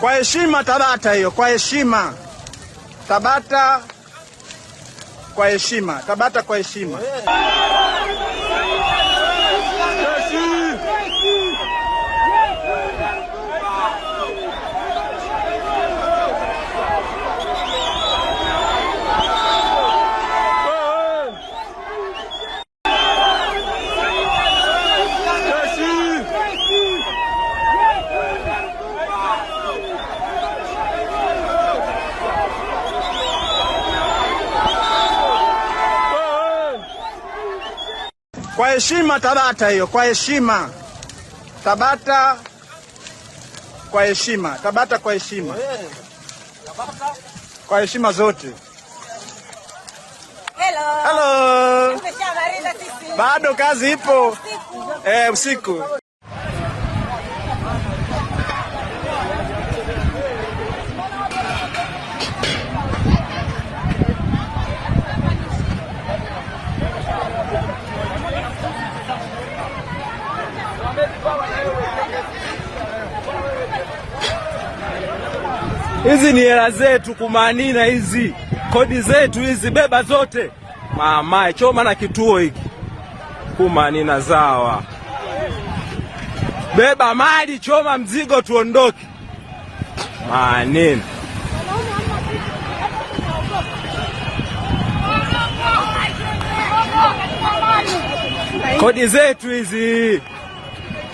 Kwa heshima Tabata hiyo, kwa heshima Tabata, kwa heshima Tabata, kwa heshima. Kwa heshima Tabata hiyo, kwa heshima Tabata, kwa heshima Tabata, kwa heshima, kwa heshima zote. Hello. Hello. Bado kazi ipo eh, usiku hizi ni hela zetu kumanina, hizi kodi zetu hizi, beba zote mama choma na kituo hiki kumanina zawa, beba mali, choma mzigo, tuondoke manina kodi zetu hizi.